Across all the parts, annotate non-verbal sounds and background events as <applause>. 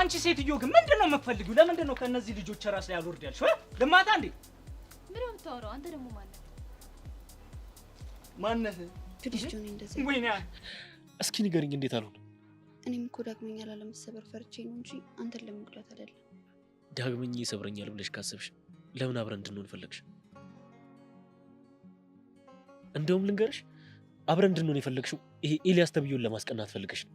አንቺ ሴትዮ ግን ምንድን ነው የምትፈልጊው? ለምንድን ነው ከእነዚህ ልጆች ራስ ላይ አልወርድ ያልሽው? ልማታ እንዴ ምን ነው የምታወራው አንተ? ደግሞ ማነህ ማነህ? እስኪ ንገሪኝ፣ እንዴት አልሆንም? እኔም እኮ ዳግመኛ ላለመሰበር ፈርቼ ነው እንጂ አንተን ለመጉዳት አይደለም። ዳግመኛ ይሰብረኛል ብለሽ ካሰብሽ ለምን አብረን እንድንሆን ፈለግሽ? እንደውም ልንገርሽ፣ አብረን እንድንሆን የፈለግሽው ይሄ ኤልያስ ተብዬውን ለማስቀናት ፈልገሽ ነው።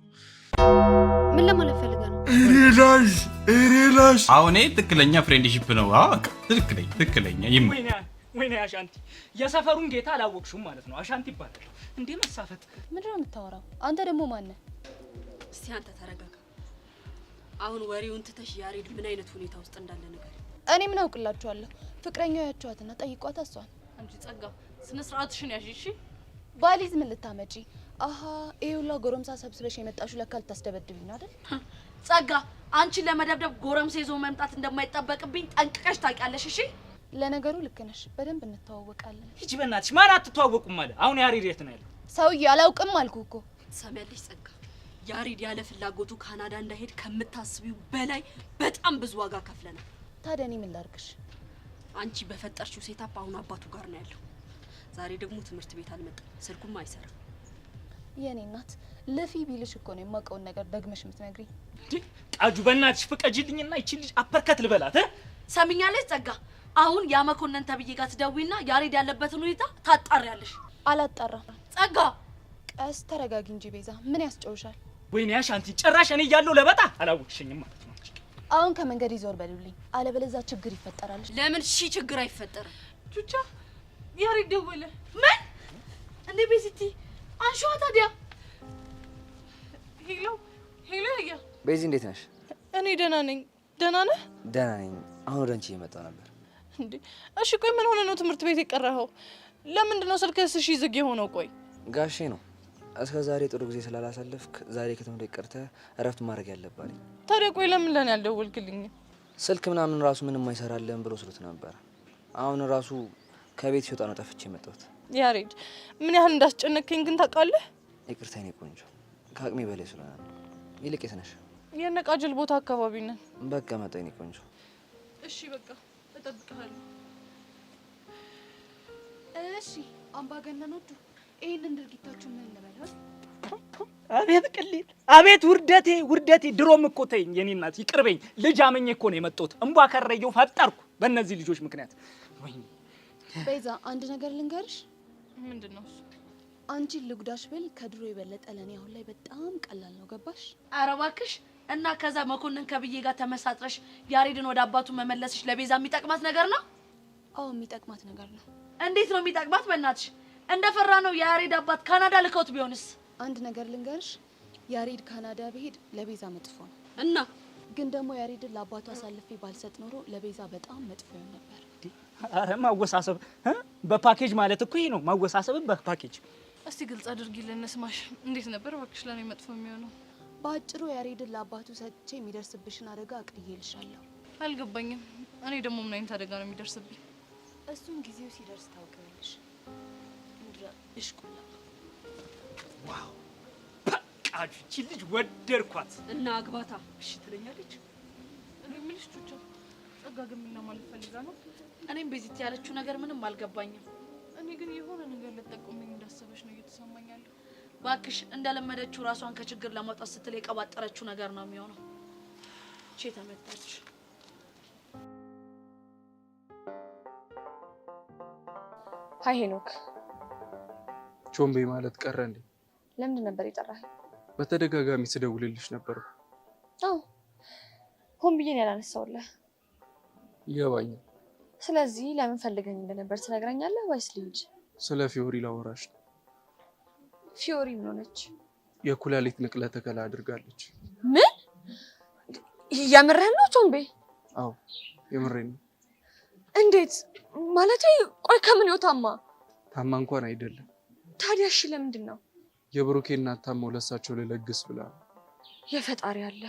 ምን ለማለት ፈልገህ ነው? እኔላሽ እኔላሽ አሁን ትክክለኛ ፍሬንድሺፕ ነው። አዎ ትክክለኛ ትክክለኛ ይም ወይኔ አሻንቲ የሰፈሩን ጌታ አላወቅሽም ማለት ነው። አሻንቲ ይባላል እንዴ? መሳፈጥ ምንድን ነው የምታወራው? አንተ ደግሞ ማነ ነህ? እስቲ አንተ ተረጋጋ። አሁን ወሬውን ትተሽ ያሬድ ምን አይነት ሁኔታ ውስጥ እንዳለ ነገር እኔ ምን አውቅላችኋለሁ? ፍቅረኛው ያቸዋትና ጠይቋት። እሷን አንቺ ጸጋ ስነ ስርዓትሽን ያዥ እሺ ባሊዝ ምን ልታመጪ? አሀ ይሄ ጎረምሳ ሰብስበሽ የመጣሽው ለካ ልታስደበድብኝ ነው አይደል? ጸጋ፣ አንቺን ለመደብደብ ጎረምሳ ይዞ መምጣት እንደማይጠበቅብኝ ጠንቅቀሽ ታውቂያለሽ። እሺ ለነገሩ ልክ ነሽ። በደንብ እንተዋወቃለን። ሂጂ በእናትሽ። ማን አትተዋወቁም አለ? አሁን ያሬድ የት ነው ያለው? ሰውዬ አላውቅም አልኩ እኮ። ጸጋ፣ ያሬድ ያለ ፍላጎቱ ካናዳ እንዳይሄድ ከምታስቢው በላይ በጣም ብዙ ዋጋ ከፍለናል። ታዲያ እኔ ምን ላድርግሽ? አንቺ በፈጠርሽው ሴታፕ አሁን አባቱ ጋር ነው ያለው። ዛሬ ደግሞ ትምህርት ቤት አልመጣም፣ ስልኩም አይሰራም። የኔ እናት ለፊ ቢልሽ እኮ ነው የማውቀውን ነገር ደግመሽ የምትነግሪ። ቃጁ በእናትሽ ፍቀጅልኝና ይቺ ልጅ አፐርከት ልበላት። ሰሚኛለሽ ጸጋ፣ አሁን ያመኮነን ተብዬ ጋር ትደውይና ያሬድ ያለበትን ሁኔታ ታጣሪያለሽ። አላጣራ ጸጋ። ቀስ ተረጋጊ እንጂ ቤዛ፣ ምን ያስጨውሻል? ወይኔ ያሽ አንቲ፣ ጭራሽ እኔ እያለሁ ለበጣ አላወቅሽኝም ማለት ነው። አሁን ከመንገድ ይዞር በሉልኝ፣ አለበለዛ ችግር ይፈጠራል። ለምን ሺ ችግር አይፈጠርም ቹቻ ያሬድ ደወለ። ምን እንደ ቤዚቲ አንሺዋ። ታዲያ ሄሎ ሄሎ፣ ያ ቤዚ፣ እንዴት ነሽ? እኔ ደህና ነኝ። ደህና ነህ? ደህና ነኝ። አሁን ወደ አንቺ እየመጣሁ ነበር። እንዴ እሺ፣ ቆይ ምን ሆነ ነው ትምህርት ቤት የቀረኸው? ለምንድን ነው ስልክስ እሺ ዝግ የሆነው? ቆይ ጋሼ ነው እስከ ዛሬ ጥሩ ጊዜ ስላላሳለፍክ ዛሬ ከትምህርት ቀርተህ እረፍት ማድረግ ያለባልኝ። ታዲያ ቆይ ለምን ለን ያልደወልክልኝ? ስልክ ምናምን ራሱ ምንም አይሰራልህም ብሎ ስሉት ነበር። አሁን ራሱ ከቤት ሲወጣ ነው ጠፍቼ የመጣሁት። ያሬድ ምን ያህል እንዳስጨነከኝ ግን ታውቃለህ? ይቅርታ የኔ ቆንጆ ከአቅሜ በላይ ስለሆነ ይልቅ የትነሽ የነቃጅል ቦታ አካባቢ ነን። በቃ መጣሁ የኔ ቆንጆ። እሺ በቃ እጠብቅሃለሁ። እሺ አምባገነኖቹ ይህንን ድርጊታችሁ ምን እንበለው? አቤት ቅሌት፣ አቤት ውርደቴ፣ ውርደቴ። ድሮም እኮ ተይኝ የኔ እናት ይቅርበኝ። ልጅ አመኘ እኮ ነው የመጣሁት። እንቧ ከረየው ፈጠርኩ በእነዚህ ልጆች ምክንያት። ወይኔ ቤዛ አንድ ነገር ልንገርሽ። ምንድን ነው እሱ? አንቺን ልጉዳሽ ብል ከድሮ የበለጠ ለእኔ አሁን ላይ በጣም ቀላል ነው። ገባሽ? ኧረ እባክሽ እና ከዛ መኮንን ከብዬ ጋር ተመሳጥረሽ ያሬድን ወደ አባቱ መመለስሽ ለቤዛ የሚጠቅማት ነገር ነው? አዎ የሚጠቅማት ነገር ነው። እንዴት ነው የሚጠቅማት? በእናትሽ እንደፈራ ነው። የያሬድ አባት ካናዳ ልከውት ቢሆንስ? አንድ ነገር ልንገርሽ፣ ያሬድ ካናዳ ብሄድ ለቤዛ መጥፎ ነው እና ግን ደግሞ ያሬድን ለአባቱ አሳልፌ ባልሰጥ ኖሮ ለቤዛ በጣም መጥፎ ይሆን ነበር። ኧረ ማወሳሰብ በፓኬጅ ማለት እኮ ይሄ ነው። ማወሳሰብን በፓኬጅ እስቲ ግልጽ አድርጊልን ስማሽ። እንዴት ነበር እባክሽ? ለኔ መጥፎ የሚሆነው በአጭሩ ያሬድን ለአባቱ ሰጥቼ የሚደርስብሽን አደጋ አቅልዬልሻለሁ። አልገባኝም። እኔ ደግሞ ምን አይነት አደጋ ነው የሚደርስብኝ? እሱም ጊዜው ሲደርስ ታውቂዋለሽ። እሽቁላ ዋው! በቃ ልጅ ወደድኳት እና አግባታ እሺ ትለኛለች አጋግሜ ማለት ፈልጋ ነው። እኔም ቤዚት ያለችው ነገር ምንም አልገባኝም። እኔ ግን የሆነ ነገር ልጠቁምኝ እንዳሰበች ነው እየተሰማኝ እባክሽ እንደለመደችው ራሷን ከችግር ለማውጣት ስትል የቀባጠረችው ነገር ነው የሚሆነው። ቼ ተመታች። ሀይ ሄኖክ፣ ቾምቤ ማለት ቀረ እንዴ? ለምንድን ነበር የጠራኸኝ? በተደጋጋሚ ስደውልልሽ ነበር። አዎ ሆን ብዬን ያላነሳውለህ ይገባኛል። ስለዚህ ለምን ፈልገኝ እንደነበር ትነግረኛለህ ወይስ ልሂድ? ስለ ፊዮሪ ላወራሽ ነው። ፊዮሪ ምን ሆነች? የኩላሊት ንቅለ ተከላ አድርጋለች። ምን? የምርህን ነው ቶምቤ? አዎ የምሬን ነው። እንዴት ማለት? ቆይ ከምን ነው ታማ? ታማ እንኳን አይደለም። ታዲያ እሺ ለምንድን ነው? የብሩኬ እናት ታማ፣ ለሳቸው ልለግስ ብላ። የፈጣሪ አለ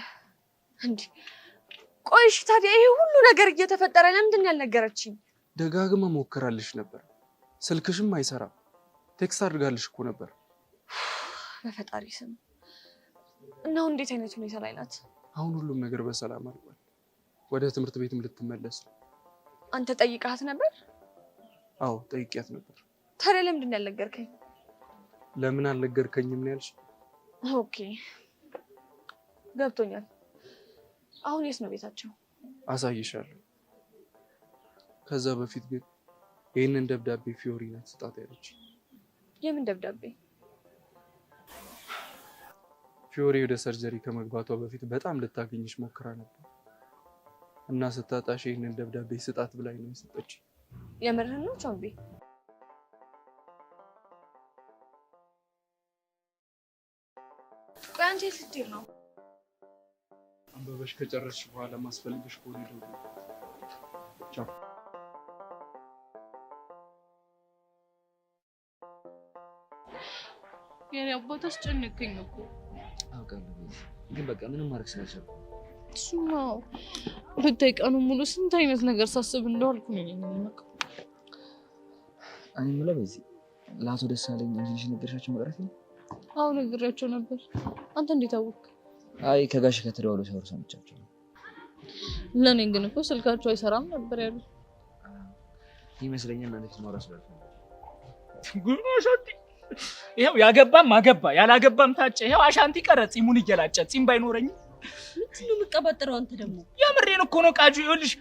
እንዲህ ቆይሽ ታዲያ ይሄ ሁሉ ነገር እየተፈጠረ ለምንድን ያልነገረችኝ? ደጋግማ ሞክራልሽ ነበር፣ ስልክሽም አይሰራም። ቴክስት አድርጋልሽ እኮ ነበር። በፈጣሪ ስም እናሁን እንዴት አይነት ሁኔታ ላይ ናት? አሁን ሁሉም ነገር በሰላም አልቋል። ወደ ትምህርት ቤትም ልትመለስ ነው። አንተ ጠይቃት ነበር? አዎ ጠይቂያት ነበር። ታዲያ ለምንድን ያልነገርከኝ? ለምን አልነገርከኝም ነው ያልሽ? ኦኬ ገብቶኛል። አሁን የት ነው ቤታቸው? አሳይሻለሁ። ከዛ በፊት ግን ይህንን ደብዳቤ ፊዮሪ ናት ስጣት ያለች። የምን ደብዳቤ? ፊዮሪ ወደ ሰርጀሪ ከመግባቷ በፊት በጣም ልታገኝሽ ሞክራ ነበር እና ስታጣሽ ይህንን ደብዳቤ ስጣት ብላኝ ነው የሰጠች። የምርህን ነው ቾምቤ? ቆይ አንቺ ስትል ነው አንበበሽ ከጨረስሽ በኋላ ማስፈልግሽ ከሆነ ደግሞ ቻው። የኔ አባት አስጨነቀኝ እኮ አውቃለሁ፣ ግን በቃ ምንም ማድረግ ስላልቻልኩ እሱማ ብታይ ቀኑ ሙሉ ስንት አይነት ነገር ሳስብ እንደዋልኩ ነው የምለው በዚህ ለአቶ ደሳለኝ አንቺ ነገርሻቸው መቅረት ነው? አዎ ነግሬያቸው ነበር። አንተ እንዴት አይ ከጋሽ ከተደወሉ ሰው ሰምቻቸው ነው። ለእኔ ግን እኮ ስልካቸው አይሰራም ነበር ያሉ ይመስለኛል። መልዕክት ማውራት ስላልፈለጉ ይኸው ያገባም አገባ ያላገባም ታጨ። ይኸው አሻንቲ ቀረ ፂሙን እየላጨ ፂም ባይኖረኝም ምንድን ነው የምቀባጥረው? አንተ ደግሞ የምሬን እኮ ነው። ቃጁ ይኸውልሽ፣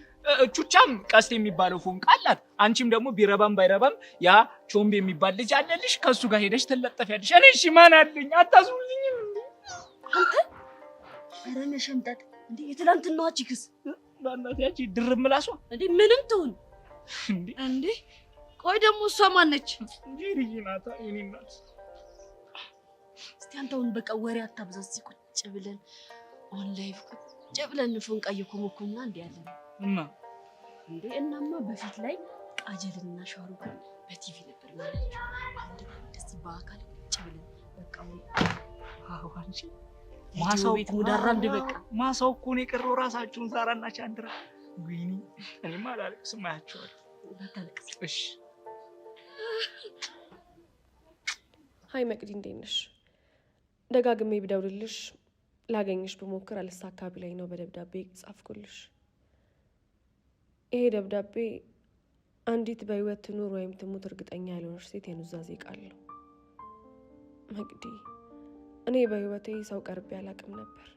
ቹቻም ቀስት የሚባለው ፎንቃ ቃላት፣ አንቺም ደግሞ ቢረባም ባይረባም ያ ቾምብ የሚባል ልጅ አለልሽ። ከእሱ ጋር ሄደሽ ትለጠፊያለሽ። እኔ እሺ ማን አለኝ? አታዝሙልኝም አንተ ኧረ እኔ ሸምጠጥ እንዴ! የትላንትናዋ ችክስ ያቺ ድርብ ምላሷ እንዴ! ምንም ትሁን እንዴ! ቆይ ደግሞ እሷ ማነች? እንግዲህ ናታ የኔ እናት። እስቲ አንተውን በቃ ወሬ አታብዛ። እዚህ ቁጭ ብለን ኦንላይን ቁጭ ብለን እንዲ ያለ እና እንዴ እናማ በፊት ላይ ቃጀልና ሻሩክ በቲቪ ነበር ማለት ነው። አንድ ደስ በአካል ቁጭ ብለን በቃ ማሳው ቤት ሙዳራል በቃ ማሳው እኮ ነው የቀረው። ራሳችሁን ዛራና ቻንድራ ጉይኒ እኔማ አላለቅስም። አያችኋለሁ። እሺ ሀይ መቅዲ፣ እንዴት ነሽ? ደጋግሜ ብደውልልሽ ላገኝሽ ብሞክር አልሳካቢ ላይ ነው በደብዳቤ ጻፍኩልሽ። ይሄ ደብዳቤ አንዲት በህይወት ትኑር ወይም ትሙት እርግጠኛ ያልሆነች ሴት የኑዛዜ ቃል ነው መቅዲ እኔ በህይወቴ ሰው ቀርቤ አላቅም ነበር፣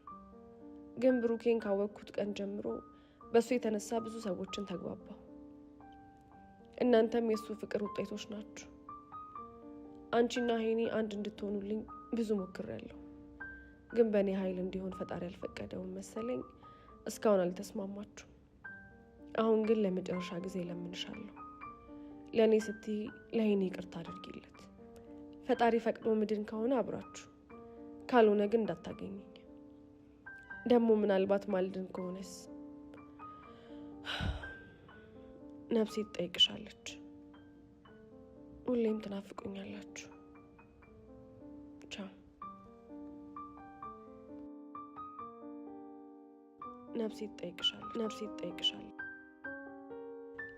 ግን ብሩኬን ካወቅኩት ቀን ጀምሮ በእሱ የተነሳ ብዙ ሰዎችን ተግባባሁ። እናንተም የእሱ ፍቅር ውጤቶች ናችሁ። አንቺና ሄኒ አንድ እንድትሆኑልኝ ብዙ ሞክሬያለሁ፣ ግን በእኔ ኃይል እንዲሆን ፈጣሪ ያልፈቀደውን መሰለኝ እስካሁን አልተስማማችሁም። አሁን ግን ለመጨረሻ ጊዜ ለምንሻለሁ። ለእኔ ስትይ ለሄኒ ይቅርታ አድርጊለት። ፈጣሪ ፈቅዶ ምድን ከሆነ አብራችሁ ካልሆነ ግን እንዳታገኘኝ። ደግሞ ምናልባት ማልድን ከሆነስ ነፍሴ ትጠይቅሻለች። ሁሌም ትናፍቁኛላችሁ። ቻው። ነፍሴ ትጠይቅሻለች። ነፍሴ ትጠይቅሻለች።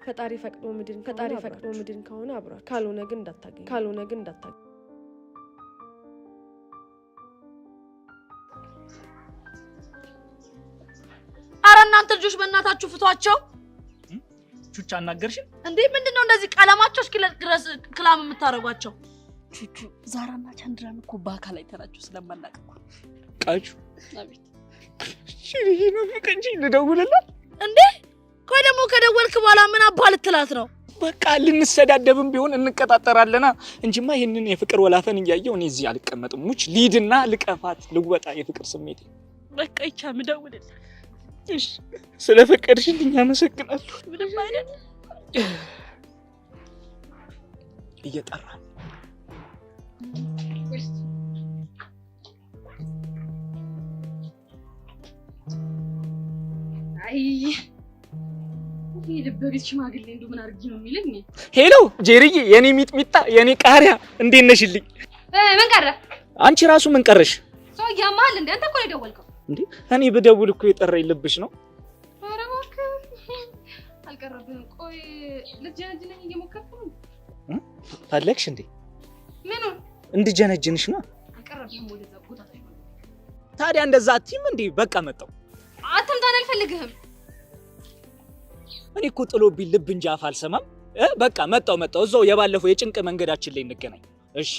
ፈጣሪ ፈቅዶ ምድን ፈጣሪ ፈቅዶ ምድን ከሆነ አብሯት፣ ካልሆነ ግን እንዳታገኝ፣ ካልሆነ ግን እንዳታገኝ ልጆች በእናታችሁ ፍቷቸው። ቹቹ አናገርሽ እንዴ? ምንድን ነው እንደዚህ ቀለማቸው እስኪ ድረስ ክላም የምታደርጓቸው? ቹቹ ዛራና ቻንድራን እኮ በአካል አይተናችሁ ስለማናቅ እኮ ቃጩ። አቤት። ይሄ መፍቅ እንጂ ልደውልላት እንዴ? ቆይ ደግሞ ከደወልክ በኋላ ምን አባል ትላት ነው? በቃ ልንሰዳደብም ቢሆን እንቀጣጠራለና እንጂማ ይህንን የፍቅር ወላፈን እያየው እኔ እዚህ አልቀመጥም። ሙች ሊድና ልቀፋት ልወጣ የፍቅር ስሜት በቃ ይቻ ምደውልላት ስለፈቀድሽልኝ አመሰግናለሁ። ምንም አይነት እየጠራ ሽማግሌ እንደው ምን አድርጊ ነው የሚለኝ? ሄሎ ጄሪዬ፣ የኔ ሚጥሚጣ፣ የኔ ቃሪያ እንዴት ነሽልኝ? ምን ቀረ? አንቺ ራሱ ምን ቀረሽ? ሰውዬማ አለ እንደ አንተ እኮ ነው የደወልከው እንዴ እኔ ብደውል እኮ የጠራኝ ልብሽ ነው። ኧረ እባክህ አልቀረብህም። ቆይ ልትጀነጅነኝ እየሞከርኩ ነው። ፈለግሽ እንዴ? እንድጀነጅንሽ ነው? አልቀረብህም። ቦታ ታዲያ እንደዛ አትይም እንዴ? በቃ መጣሁ። አትምጣን፣ አልፈልግህም። እኔ እኮ ጥሎብኝ ልብ እንጂ አፍ አልሰማም። በቃ መጣሁ መጣሁ። እዛው የባለፈው የጭንቅ መንገዳችን ላይ እንገናኝ እሺ?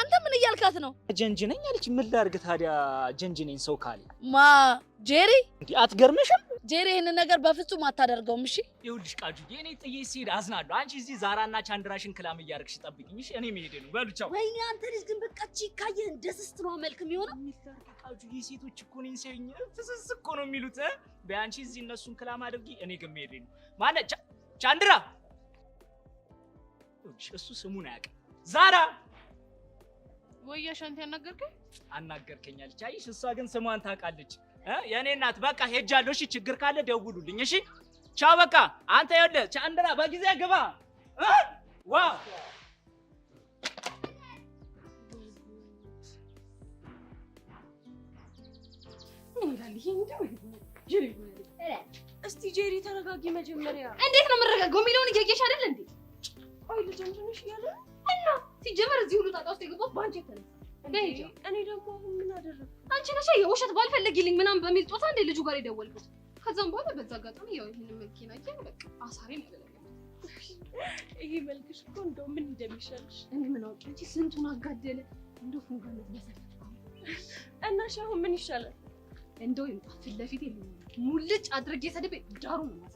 አንተ ምን እያልካት ነው? ጀንጅነኝ ነኝ አለች። ምን ላድርግ ታዲያ? ጀንጅነኝ ሰው ካለ ማ ጄሪ፣ እንዴ አትገርምሽም? ጄሪ ይህንን ነገር በፍጹም አታደርገውም። እሺ ይኸውልሽ፣ ቃጁ የኔ ጥዬ ሲሄድ አዝናለሁ። አንቺ እዚህ ዛራና ቻንድራሽን ክላም እያደረግሽ ጠብቂኝ። እሺ እኔ መሄድ ነው። በሉ ቻው። ወይ አንተ ልጅ ግን በቃ እቺ ካየህ እንደ ስስት ነው መልክ የሚሆነው። ቃጁ የሴቶች እኮ ነኝ ሰኝ ፍስስ እኮ ነው የሚሉት። በያንቺ እዚህ እነሱን ክላም አድርጊ፣ እኔ ግን መሄድ ነው ማነ ቻንድራ። እሱ ስሙን አያውቅም ዛራ ወያሽ አንተ ያናገርከኝ አናገርከኛል። ቻይሽ እሷ ግን ስሟን ታውቃለች። የኔ እናት በቃ ሄጃለሁ። እሺ ችግር ካለ ደውሉልኝ። እሺ ቻው። በቃ አንተ ያለ ቻንድራ በጊዜ ግባ። ዋ እስቲ ጄሪ ተረጋጊ። መጀመሪያ እንዴት ነው የምረጋጋው የሚለውን እያየሽ አይደል እንዴ? ቆይ ልጅ እንድንሽ እያለ እና ሲጀመር እዚህ ሁሉ ጣጣ ውስጥ የገባሁት በአንቺ የተነሳ እኔ ደግሞ አሁን ምን አደረግኩ? አንቺ ነሽ የውሸት ባል ፈልጊልኝ ምናምን በሚል ጦታ እንደ ልጁ ጋር የደወልኩት። ከዛም በኋላ በዛ አጋጣሚ ያው ይህን መኪና እያለ በቃ አሳሪ ነው። ይሄ መልክሽ እኮ እንደው ምን እንደሚሻልሽ እኔ ምን አውቄ እንጂ ስንቱን አጋደለ። እንደው ፉንጋነት ያሰፋ እናሽ አሁን ምን ይሻላል? እንደው ይምጣ ፊት ለፊት ሙልጭ አድርጌ ሰድቤ ዳሩ ነው ማለት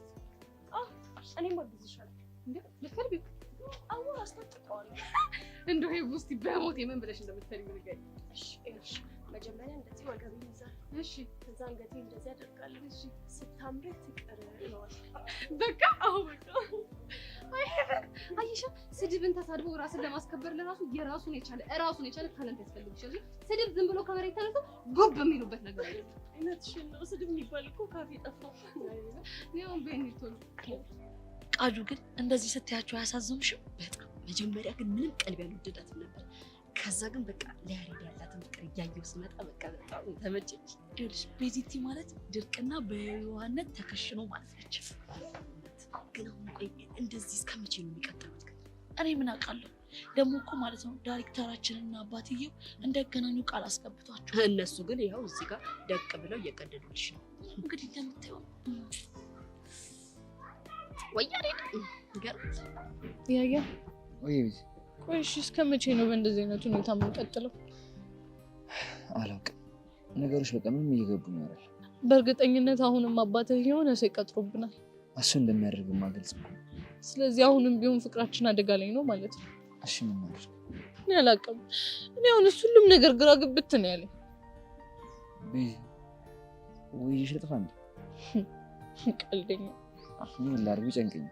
እኔ ማግዝሻለሁ። እንዴ ልፈልግ አሁን አስታጥቀዋለሁ እንደው ይሄ ውስጥ በሞት የምን ብለሽ እንደምትፈልጊው ነገር እሺ፣ እሺ። መጀመሪያ እንደዚህ ወገብ ይይዛል። እሺ፣ ከዛ እንደዚህ እንደዚህ ያደርጋል። እሺ፣ ስታምር ትቀር ነው በቃ። አሁን በቃ አየሽ፣ ስድብን ተሳድቦ ራስን ለማስከበር ለራሱ የራሱን የቻለ እራሱን የቻለ ታለንት ያስፈልግሻል። ስድብ ዝም ብሎ ከመሬት ተነስቶ ጉብ የሚሉበት ነገር አይደለም። እውነትሽን ነው። ስድብ የሚባል እኮ ካፌ ጠፋ። ያው ቤኒቶ ቃጁ ግን እንደዚህ ስታያቸው አያሳዝኑሽም በጣም መጀመሪያ ግን ምንም ቀልብ ያልወደዳትም ነበር። ከዛ ግን በቃ ለያሬድ ያላትን ፍቅር እያየው ስመጣ በቃ በጣም ተመቸች። ይኸውልሽ ቤዚቲ ማለት ድርቅና በየዋህነት ተከሽኖ ማለት ነች። ግን አሁን ቆይ እንደዚህ እስከመቼ ነው የሚቀጥሉት? ግን እኔ ምን አውቃለሁ። ደግሞ እኮ ማለት ነው ዳይሬክተራችንና አባትየው እንደገናኙ ቃል አስገብቷቸው፣ እነሱ ግን ይኸው እዚህ ጋር ደቅ ብለው እየቀደዱልሽ ነው። እንግዲህ እንደምታየው ወያሬድ ገር ያያ ወይ ቢዚ ቆይሽ እስከ መቼ ነው በእንደዚህ አይነት ሁኔታ የምንቀጥለው? አላውቅም። ነገሮች በቃ ምንም እየገቡ ነው አይደል? በእርግጠኝነት አሁንም አባትህ የሆነ ሰው ይቀጥሮብናል። እሱ እንደሚያደርግ ማገልጽ ስለዚህ አሁንም ቢሆን ፍቅራችን አደጋ ላይ ነው ማለት ነው። እሺ ምን ማለት እኔ አላውቅም። እኔ አሁንስ ሁሉም ነገር ግራ ግብት ነው ያለኝ። ውይይሽ ልጥፋ እንዴ? ቀልደኛ ምን ላድርግ? ጨንቀኝ።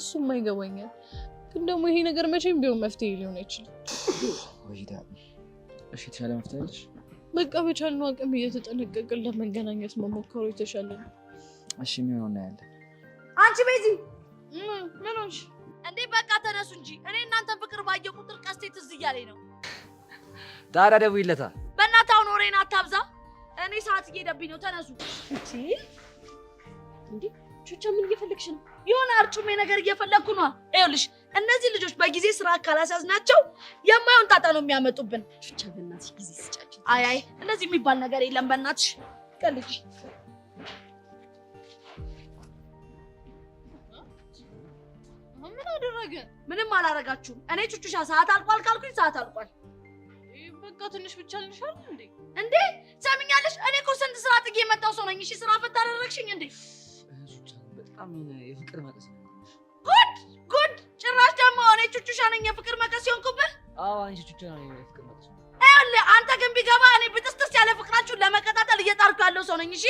እሱማ ይገባኛል ግን ደግሞ ይሄ ነገር መቼም ቢሆን መፍትሄ ሊሆን አይችልም። እሺ የተሻለ መፍትሄ አለሽ? በቃ በቻልነው አቅም እየተጠነቀቅን ለመገናኘት መሞከሩ የተሻለ ነው። እሺ ሆነ ያለ አንቺ ቤዚ ምን ሆንሽ እንዴ? በቃ ተነሱ እንጂ እኔ እናንተ ፍቅር ባየ ቁጥር ቀስቴ ትዝ እያለኝ ነው። ታዲያ ይለታ በእናትህ አሁን ወሬን አታብዛ። እኔ ሰዓት እየሄደብኝ ነው። ተነሱ እቺ እንዴ። ቹቻ ምን እየፈለግሽ ነው? የሆነ አርጩሜ ነገር እየፈለግኩ ነው። ይኸውልሽ እነዚህ ልጆች በጊዜ ስራ ካላስያዝናቸው የማየውን ጣጣ ነው የሚያመጡብን። ብቻ በእናትሽ ጊዜ ስጫቸው። አይ አይ እንደዚህ የሚባል ነገር የለም። በእናትሽ ቀልጅ ምን አደረገ? ምንም አላረጋችሁም። እኔ ቹቹሻ ሰዓት አልቋል ካልኩኝ ሰዓት አልቋል። በቃ ትንሽ ብቻ ልንሻል እንዴ? እንዴ ሰምኛለሽ? እኔ እኮ ስንት ስራ ጥጌ የመጣው ሰው ነኝ። እሺ ስራ ፈት አደረግሽኝ እንዴ? በጣም የፍቅር ማለት ቹቹሻ ነኝ የፍቅር መቀስ የሆንኩብህ። አዎ አንቺ ቹቹ ነኝ የፍቅር መቀስ። ይኸውልህ አንተ ግን ቢገባ እኔ ብጥስጥስ ያለ ፍቅራችሁን ለመቀጣጠል እየጣርኩ ያለው ሰው ነኝ። እሺ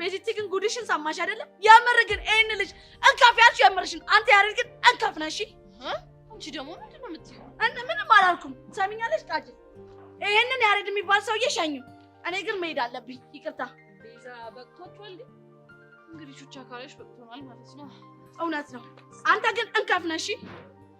ቤዚቲ ግን ጉድሽን ሰማሽ አይደለም? የምር ግን ይሄን ልጅ እንካፍ ያልሽ የምርሽን አንተ ያሬድ ግን እንካፍ ነሽ። አንቺ ደግሞ ምንድን ነው የምትይው? ምንም አላልኩም። ሰሚኛለሽ ጣጭ ይሄንን ያሬድ የሚባል ሰውዬ ሸኙ። እኔ ግን መሄድ አለብኝ። ይቅርታ ቤዛ። በቅቶቷል እንግዲህ ቹቻ ካለሽ በቅቶናል ማለት ነው። እውነት ነው። አንተ ግን እንከፍነሽ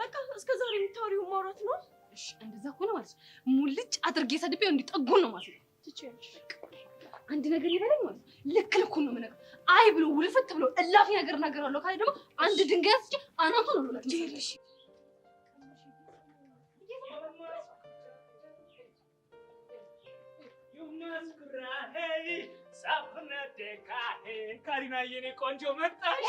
በቃ እስከ ዛሬ የምታወሪው ማውራት ነው። እሺ እንደዛ ከሆነ ማለት ነው ሙልጭ አድርጌ ሰድቤው እንዲጠጉ ነው ማለት ነው። ትችያለሽ። አንድ ነገር ይበለኝ ማለት ነው። ልክ ልኩ ነው የምነግርህ። አይ ብሎ ውልፍት ብሎ እላፊ ነገር እናገራለሁ ካለ ደግሞ አንድ ድንጋይ አስጭ አናቱ ነው ብሎ ካሪና የኔ ቆንጆ መጣሽ።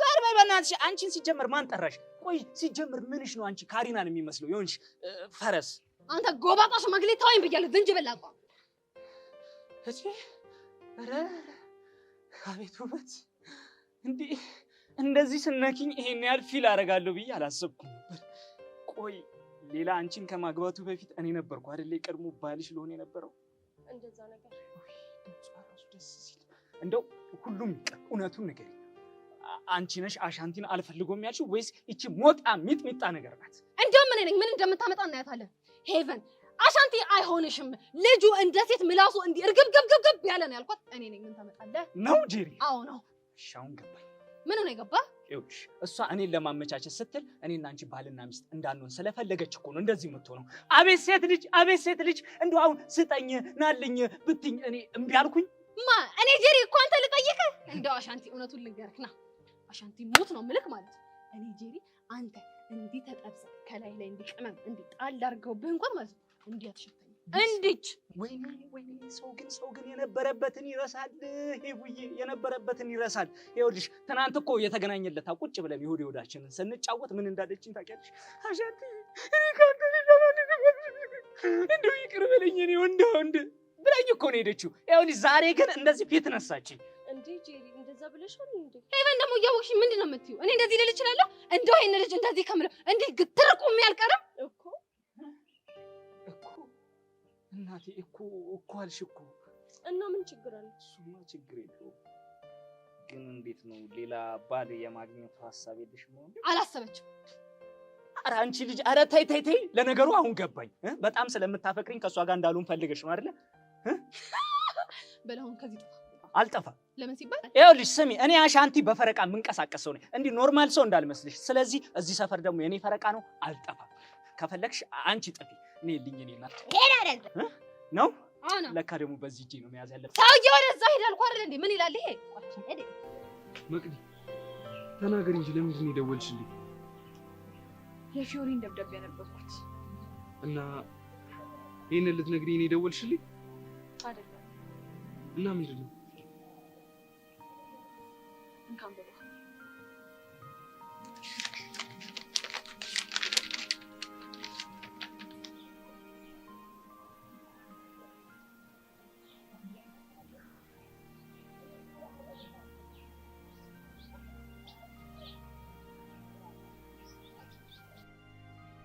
ዛሬ በይ በእናትሽ። አንቺን ሲጀመር ማን ጠራሽ? ቆይ ሲጀመር ምንሽ ነው አንቺ ካሪናን የሚመስለው? የሆንሽ ፈረስ አንተ ጎባጣ ሽማግሌ ተወኝ ብያለሁ። ዝንጅብል አቋ እቺ ኧረ አቤት ውበት! እንዲህ እንደዚህ ስነኪኝ ይሄን ያህል ፊል አደርጋለሁ ብዬ አላሰብኩም ነበር። ቆይ ሌላ አንቺን ከማግባቱ በፊት እኔ ነበርኩ አይደል የቀድሞ ባልሽ ልሆን የነበረው እንደዛ ነገር ራሱ ደስ ሲል እንደው ሁሉም ይቀር፣ እውነቱን ንገሪ። አንቺ ነሽ አሻንቲን አልፈልጎም ያልሽው ወይስ ይቺ ሞጣ ሚጥሚጣ ነገር ናት? እንዲያውም እኔ ነኝ ምን እንደምታመጣ እናያታለን። ሄቨን አሻንቲ አይሆንሽም፣ ልጁ እንደ ሴት ምላሱ እንዲህ እርግብግብግብግብ ያለ ነው ያልኳት እኔ ነኝ። ምን ታመጣለህ ነው ጄሪ? አዎ ነው። እሺ አሁን ገባኝ። ምኑ ነው የገባህ? ይኸውልሽ እሷ እኔን ለማመቻቸት ስትል እኔና አንቺ ባልና ሚስት እንዳንሆን ስለፈለገች እኮ ነው እንደዚህ የምትሆነው። አቤት ሴት ልጅ፣ አቤት ሴት ልጅ! እንደው አሁን ስጠኝ ናልኝ ብትኝ እኔ እምቢ አልኩኝ። ማ እኔ ጀሪ እኮ አንተ ልጠይቅህ። እንደው አሻንቲ እውነቱን ልንገርህ ና አሻንቲ ሞት ነው ምልክ ማለት እኔ ጀሪ አንተ እንዲህ ተጠብሰ ከላይ ላይ እንዲቀመም ቅመም እንዲህ ጣል አድርገውብህ እንኳን ማለት ነው እንዲህ አትሸፈ እንድች ወይኔ ወይኔ፣ ሰው ግን ሰው ግን የነበረበትን ይረሳል። ሄቡዬ የነበረበትን ይረሳል። ይኸውልሽ ትናንት እኮ የተገናኘለት ቁጭ ብለን ይሁድ ይሁዳችንን ስንጫወት ምን እንዳለችኝ ታውቂያለሽ? አሻት እንደው ይቅር በለኝ እኔ ወንድ ወንድ ብላኝ እኮ ነው ሄደችው። ይኸውልሽ ዛሬ ግን እንደዚህ ፊት ነሳችኝ። እንዴ ጄሪ፣ እንደዛ ብለሽ ነው እንዴ? ኤቨን ደግሞ እያወቅሽ ምንድን ነው የምትይው? እኔ እንደዚህ ልል እችላለሁ? እንደው ይሄን ልጅ እንደዚህ ከምለው እንዴ ትርቁም ያልቀርም እናቴ እኮ እኮ አልሽ እኮ እና ምን ችግር አለ? እሱማ ችግር የለውም። ግን እንዴት ነው ሌላ ባል የማግኘቱ ሀሳብ የለሽ? አላሰበችም። ኧረ አንቺ ልጅ አረ ተይ ተይ ተይ። ለነገሩ አሁን ገባኝ። በጣም ስለምታፈቅሪኝ ከእሷ ጋር እንዳሉን ፈልገሽ ነው አይደለ? <laughs> በል አሁን ከዚህ ለምን ሲባል ይኸውልሽ፣ ስሚ እኔ አሻንቲ በፈረቃ የምንቀሳቀስ ሰው ነኝ፣ እንዲህ ኖርማል ሰው እንዳልመስልሽ። ስለዚህ እዚህ ሰፈር ደግሞ የኔ ፈረቃ ነው። አልጠፋ። ከፈለግሽ አንቺ ጥፊ እኔ ልኝ እኔ እናት ነው ለካ ደግሞ በዚህ እጄ ነው መያዝ ያለብህ። ሰውዬው ወደ እዛ ሄዳል እኮ አይደል ምን ይላል ይሄ? መቅዲ ተናገሪ እንጂ ለምንድን ነው የደወልሽልኝ? የፊዮሪን ደብዳቤ ያነበብኩት እና ይሄንን ልትነግሪኝ ነው የደወልሽልኝ? አይደለም እና ምንድን ነው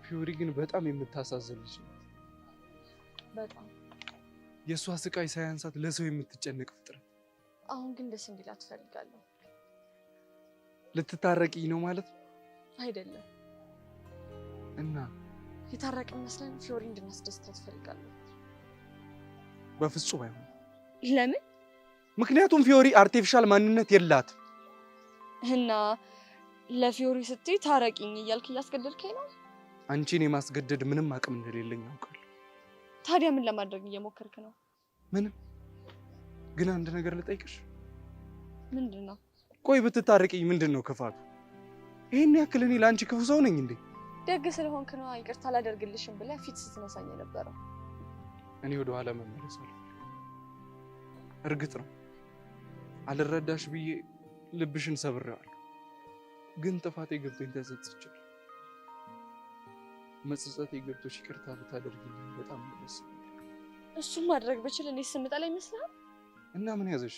ፒዩሪ ግን በጣም የምታሳዝን ልጅ ናት። በጣም የእሷ ስቃይ ሳያንሳት ለሰው የምትጨነቅ ፍጥረት። አሁን ግን ደስ እንዲላት ትፈልጋለሁ። ልትታረቂኝ ነው ማለት ነው? አይደለም እና የታረቅን መስለን ፊዮሪ እንድናስደስታት ትፈልጋለሁ። በፍጹም አይሆን። ለምን? ምክንያቱም ፊዮሪ አርቲፊሻል ማንነት የላት እና ለፊዮሪ ስትይ ታረቂኝ እያልክ እያስገደድከኝ ነው። አንቺን የማስገደድ ምንም አቅም እንደሌለኝ ያውቃል? ታዲያ ምን ለማድረግ እየሞከርክ ነው? ምንም። ግን አንድ ነገር ልጠይቅሽ። ምንድን ነው? ቆይ ብትታርቅኝ ምንድን ነው ክፋቱ? ይህን ያክል እኔ ለአንቺ ክፉ ሰው ነኝ እንዴ? ደግ ስለሆንክ ነዋ ይቅርታ አላደርግልሽም ብለህ ፊት ስትነሳኝ የነበረው። እኔ ወደኋላ ኋላ መመለሳል። እርግጥ ነው አልረዳሽ ብዬ ልብሽን ሰብሬዋል። ግን ጥፋቴ ገብቶኝ ተጸጽቻለሁ። መጸጸት የገብቶሽ ይቅርታ ብታደርግልኝ በጣም ደስ እሱ ማድረግ ብችል እኔ ስምጠላ ይመስላል። እና ምን ያዘሽ?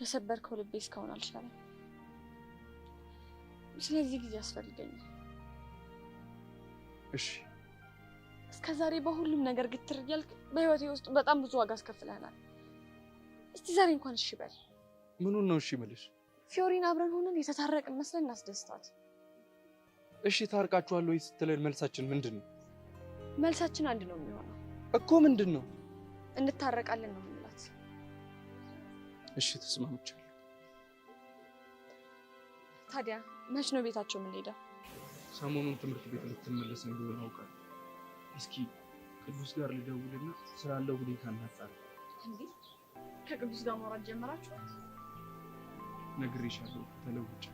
የሰበርከው ልቤ እስካሁን አልሻለም። ስለዚህ ጊዜ ያስፈልገኛል። እሺ እስከ ዛሬ በሁሉም ነገር ግትር እያልክ በህይወቴ ውስጥ በጣም ብዙ ዋጋ አስከፍለናል። እስቲ ዛሬ እንኳን እሺ በል። ምኑን ነው እሺ የምልሽ? ፊዮሪን አብረን ሆነን የተታረቅን መስለን እናስደስታት። እሺ ታርቃችኋል ወይ ስትለን መልሳችን ምንድን ነው? መልሳችን አንድ ነው የሚሆነው እኮ ምንድን ነው? እንታረቃለን ነው የምንላት። እሺ ተስማምቻለሁ። ታዲያ መች ነው ቤታቸው የምንሄደው? ሰሞኑን ትምህርት ቤት ልትመለስ እንደሆነ አውቃለሁ። እስኪ ቅዱስ ጋር ልደውልና ስላለው ሁኔታ እናጣራለን። እንዴ ከቅዱስ ጋር ማውራት ጀመራችሁ? ነግሬሻለሁ ተለውጫ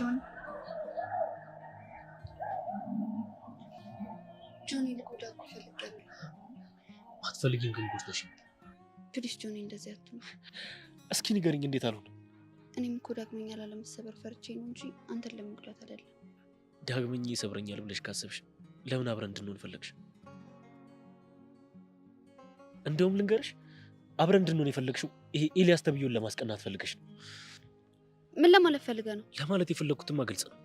ጆኒ ጆኒ ልጎዳ እኮ ፈልጌ አትፈልጊም፣ ግን ጎድተሽ ፕሊስ ጆኒ እንደዚህ አትሆን። እስኪ ንገሪኝ፣ እንዴት አልሆነ? እኔም እኮ ዳግመኛ ላለመሰበር ፈርቼ ነው እንጂ አንተን ለመጉዳት አይደለም። ዳግመኛ ይሰብረኛል ብለሽ ካሰብሽ ለምን አብረን እንድንሆን ፈለግሽ? እንደውም ልንገርሽ፣ አብረን እንድንሆን የፈለግሽው ይሄ ኤልያስ ተብዬውን ለማስቀናት ፈልገሽ ነው። ምን ለማለት ፈልገ ነው? ለማለት የፈለግኩትማ ግልጽ ነው።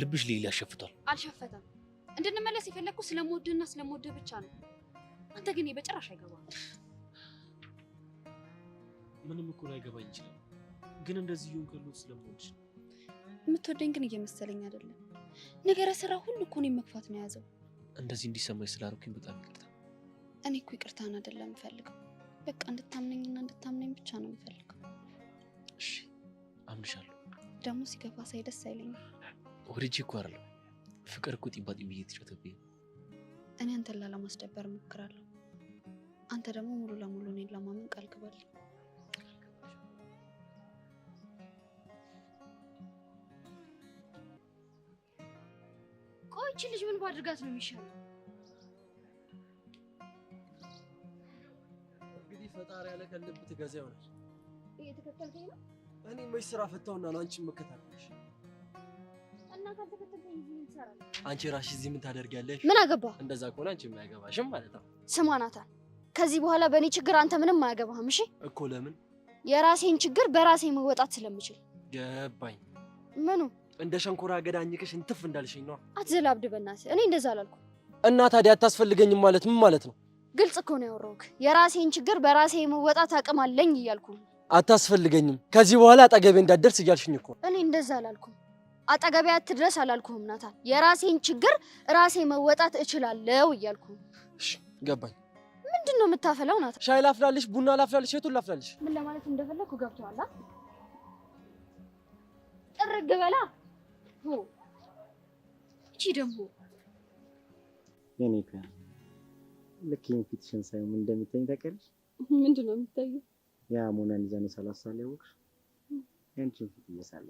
ልብሽ ሌሊ አሸፍቷል። አልሸፈተም። እንድንመለስ የፈለግኩት ስለምወድህና ስለምወድህ ብቻ ነው። አንተ ግን በጭራሽ አይገባም። ምንም እኮ ላይገባኝ ይችላል፣ ግን እንደዚህ ይሁን ከሉ ስለምወድሽ የምትወደኝ ግን እየመሰለኝ አይደለም። ነገረ ስራ ሁሉ እኮ እኔን መግፋት ነው የያዘው። እንደዚህ እንዲሰማኝ ስላደረኩኝ በጣም ይቅርታ። እኔ እኮ ይቅርታን አይደለም የምፈልገው፣ በቃ እንድታምነኝና እንድታምነኝ ብቻ ነው የምፈልገው። እሺ አምንሻለሁ። ደግሞ ሲከፋ ሳይ ደስ አይለኝም። ወድጄ እኮ አይደለም ፍቅር እኮ ጢባ ጢቢ እየተጫወተብኝ። እኔ አንተን ላለማስደበር እሞክራለሁ። አንተ ደግሞ ሙሉ ለሙሉ እኔን ለማመን ቃል ግባልኝ። ቆይ ይቺ ልጅ ምን ባድርጋት ነው የሚሻለው? እንግዲህ ፈጣሪ ያለ ቀልብ ትገዛ ይሆናል። እየተከተልከኝ ነው እኔ መች ስራ ፈታውና ነው አንቺ መከታተልሽ? እና አንቺ ራስሽ እዚህ ምን ታደርጊያለሽ? ምን አገባ? እንደዛ ከሆነ አንቺ የማያገባሽም ማለት ነው። ስማ ናታን፣ ከዚህ በኋላ በእኔ ችግር አንተ ምንም አያገባህም። እሺ እኮ ለምን? የራሴን ችግር በራሴ መወጣት ስለምችል። ገባኝ። ምኑ እንደ ሸንኮራ አገዳ እንትፍ እንዳልሽኝ ነው። አትዘላብድ በእናትህ። እኔ እንደዛ አላልኩ። እና ታዲያ አታስፈልገኝም ማለት ምን ማለት ነው? ግልጽ እኮ ነው ያወራሁህ። የራሴን ችግር በራሴ መወጣት አቅም አለኝ እያልኩ አታስፈልገኝም። ከዚህ በኋላ አጠገቤ እንዳትደርስ እያልሽኝ እኮ። እኔ እንደዛ አላልኩም፣ አጠገቤ አትድረስ አላልኩም። ናታ፣ የራሴን ችግር ራሴ መወጣት እችላለሁ እያልኩ። እሺ ገባኝ። ምንድን ነው የምታፈላው? ናታ፣ ሻይ ላፍላልሽ? ቡና ላፍላልሽ? የቱን ላፍላልሽ? ምን ለማለት እንደፈለኩ ገብቶሃል? ጥርግ በላ። እቺ ደግሞ የኔ ልክ ፊትሽን ሳይሆን እንደሚታኝ ታውቂያለሽ። ምንድን ነው የምታየው? ያ ሞናሊዛን የሰላሳ ሳለ ያወቅሽ ያንቺን ፊት እየሳለ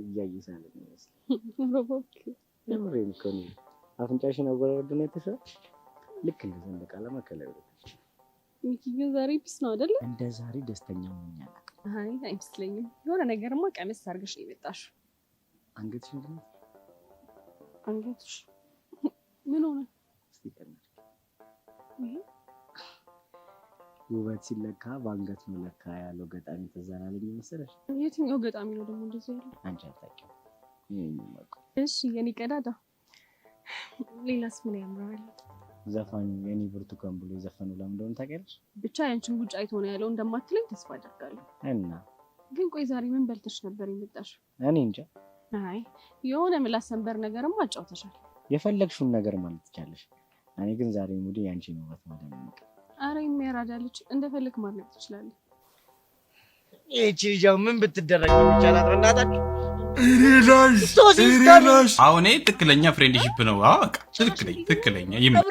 እያየ ሳለ ነው ይመስለኝ። የምሬን አፍንጫሽን አወራረዱ ነው የተሻለ። ልክ እንደ ሰንደቅ ዓላማ ከላይ ወደ ታች። ዛሬ ፒስ ነው አይደለ? እንደ ዛሬ ደስተኛ ሆኛ አይ አይመስለኝም። የሆነ ነገርማ ቀመስ አድርገሽ ነው የመጣሽው። አንገትሽ እንዴት ነው? አንገትሽ ምን ሆነ? ውበት ሲለካ በአንገት ነው ለካ ያለው ገጣሚ ትዝ አላለኝ መሰለሽ። የትኛው ገጣሚ ነው ደግሞ እንደዚህ ያለው? አንቺ አታውቂውም። እሺ የኔ ቀዳዳ፣ ሌላስ ምን ያምረዋል? ዘፋኙ የኔ ብርቱካን ብሎ የዘፈኑ ለምን እንደሆነ ታውቂያለሽ? ብቻ ያንቺን ጉጭ አይቶ ነው ያለው እንደማትለኝ ተስፋ አደርጋለሁ። እና ግን ቆይ ዛሬ ምን በልተሽ ነበር የመጣሽው? እኔ እንጃ። አይ የሆነ ምላስ ሰንበር ነገርም አጫውተሻል። የፈለግሽውን ነገር ማለት ትቻለሽ። እኔ ግን ዛሬ ሙዲ ያንቺን ውበት ማለት ነው። አረ የሚያራዳ ልጅ እንደፈለግ ማድረግ ትችላለህ። ይቺ ልጅ ምን ብትደረግ ይቻላት? በእናታችሁ አሁን ትክክለኛ ፍሬንድሽፕ ነው። ትክክለኛ ትክክለኛ